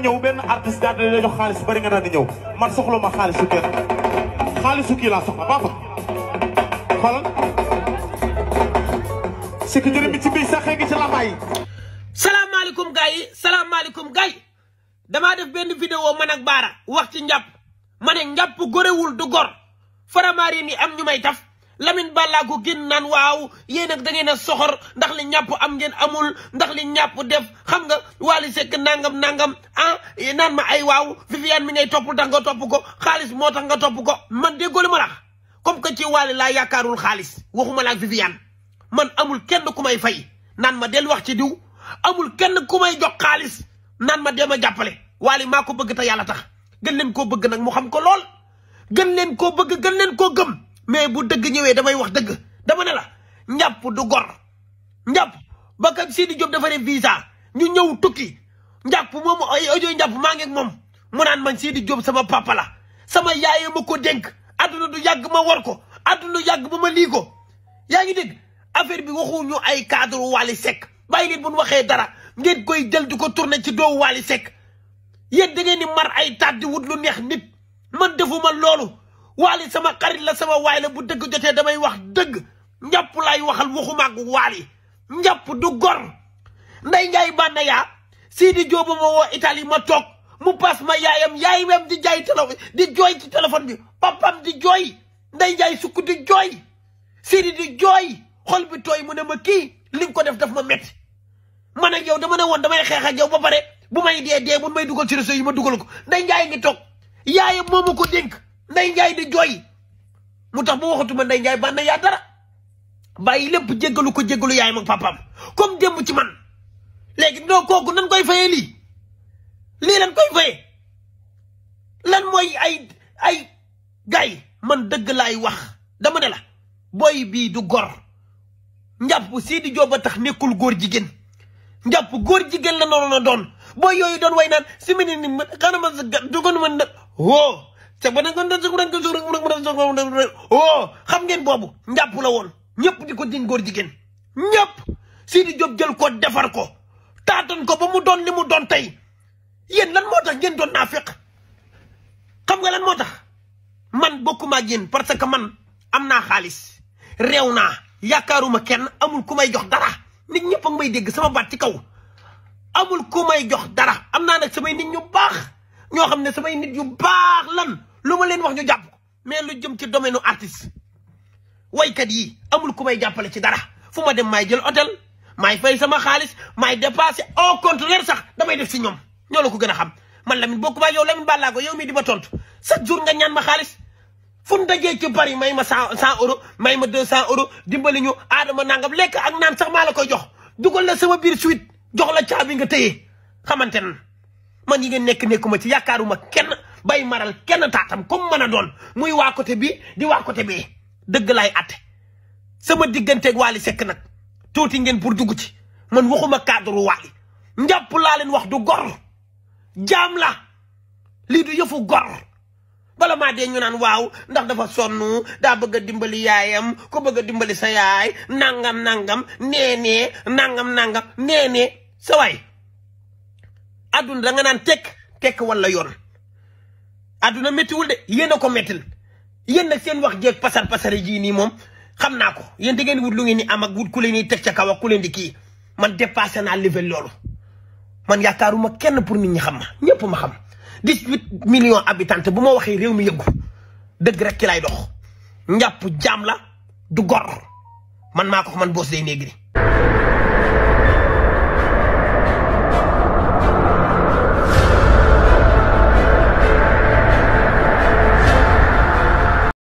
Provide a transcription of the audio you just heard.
ñëw benn artiste daal di xaalis bari nga daal man soxla ma xaalisu kenn xaalisu kii laa soxla baax na xoolal. si ki njëriñ bi sax xëy ci làmbaay yi. salaamaaleykum gars yi salaamaaleykum gars yi damaa def benn vidéo man ak Baara wax ci njàpp ma ne njàpp gorewul du gor faramaare ni am ñu may taf. Lamine Ballago génn naan waaw yéen nag dangeen a soxor ndax li ñàpp am ngeen amul ndax li ñàpp def xam nga Wally sekk nangam nangam ah naan ma ay waaw Viviane mi ngay topp tax nga topp ko xaalis moo tax nga topp ko man déggoo li ma lax comme que ci Wally laa yaakaarul xaalis waxuma la ak Viviane man amul kenn ku may fay naan ma del wax ci diw amul kenn ku may jox xaalis nan ma dem a jàppale Wally maa ko bëgg te yàlla tax gën leen koo bëgg nag mu xam ko lool gën leen koo bëgg gën leen koo gëm mais bu dëgg ñëwee damay wax dëgg dama ne la njàpp du gor njàpp bakkat Sidi Diop dafa def visa ñu ñëw tukki njàpp moomu ay audio njàpp maa ngi moom mu naan man Sidi Diop sama papa sama yaaye ma ko dénk adduna du yàgg ma war ko adduna du yàgg ma ma lii ko yaa ngi dégg affaire bi waxuñu ay cadre Wally Seck bàyyi leen bu ñu waxee dara ngeen koy jël du ko tourner ci doowu Wally sekk yéen da ngeen di mar ay taat di wut lu neex nit man defuma loolu waali sama xarit la sama waay la bu dëgg jotee damay wax dëgg njàpp laay waxal waxuma ak waali njàpp du gor nday njaay bànneyaa Sidi Diop ma woo Italie ma toog mu paas ma yaayam yaay wem di jaay téléphone di jooy téléphone bi papam di jooy nday njaay sukk di jooy Sidi di jooy xol bi tooy mu ne ma kii li nga ko def daf ma métti man ak dama ne woon damay xeex a yow ba pare bu may dee dee bu may dugal ci réseau yi ma dugal ko nday njaay ngi toog yaayam moo ma ko dénk nday njaay di jooy mu tax ba waxatuma nday njaay bànn yaa dara bàyyi lépp jéggalu ko jéggalu yaay mag papaam comme démb ci man léegi noo kooku nan koy fayee li lii lan koy fayee lan mooy ay ay gay man dëgg laay wax dama ne la booy bii du gor njàpp Sidi Diop ba tax nekkul góor jigéen njàpp góor jigéen la noonu doon booy yooyu doon way naan simini ni xanaa ma dugoon ma woo c'est ba nag kon dañ si kuréel ko suur rek mu def oh xam ngeen boobu njàpp la woon ñëpp di ko jiñ góor jigéen ñëpp Sidi Diop jël ko defar ko taatan ko ba mu doon li mu doon tey yéen lan moo tax ngeen doon naa feq xam nga lan moo tax man bokkuma ak yéen parce que man am naa xaalis réew naa yaakaaruma kenn amul ku may jox dara nit ñëpp a may dégg sama baat ci kaw amul ku may jox dara am naa nag samay nit ñu baax. ñoo xam ne samay nit yu baax lan lu ma leen wax ñu jàpp ko mais lu jëm ci domaine u artiste waykat yi amul ku may jàppale ci dara fu ma dem maay jël hôtel maay fay sama xaalis maay dépassé au contraire sax damay def si ñoom ñoo la ko gën a xam man Lamine bokkuma yow Lamine Balla ko yow mii di ma tontu chaque jour nga ñaan ma xaalis fu mu dajee ci may ma cent cent euros may ma deux cent euros dimbali ñu aadama nangam lekk ak naan sax maa la koy jox dugal la sama biir suite jox la caabi nga téye xamante nan man yi ngeen nekk nekkuma ci yaakaaruma kenn bay maral kenn taatam comme mën a doon muy waa côté bi di waa côté bi dëgg laay atte sama diggante Wally sekk nag tuuti ngeen pour dugg ci man waxuma cadre Wally njàpp laa leen wax du gor jaam la lii du yëfu gor bala maa dee ñu naan waaw ndax dafa sonn daa bëgg a dimbali yaayam ko bëgg a dimbali sa yaay nangam nangam nee nangam nangam nee nee àdduna da nga naan tekk tekk wala yoon àdduna méttiwul de yéen a ko méttil yéen nag seen wax jeeg pasar pasar jii nii moom xam naa ko yéen da ngeen wut lu ngeen ni am ak wut ku leen di ca kaw ak ku leen di kii man dépassé naa level loolu man yaakaaruma kenn pour nit ñi xam ma ñëpp ma xam 18 million habitants bu ma waxee réew mi yëngu dëgg rek ki lay dox njàpp jaam la du gor man maa ko man boos de néegri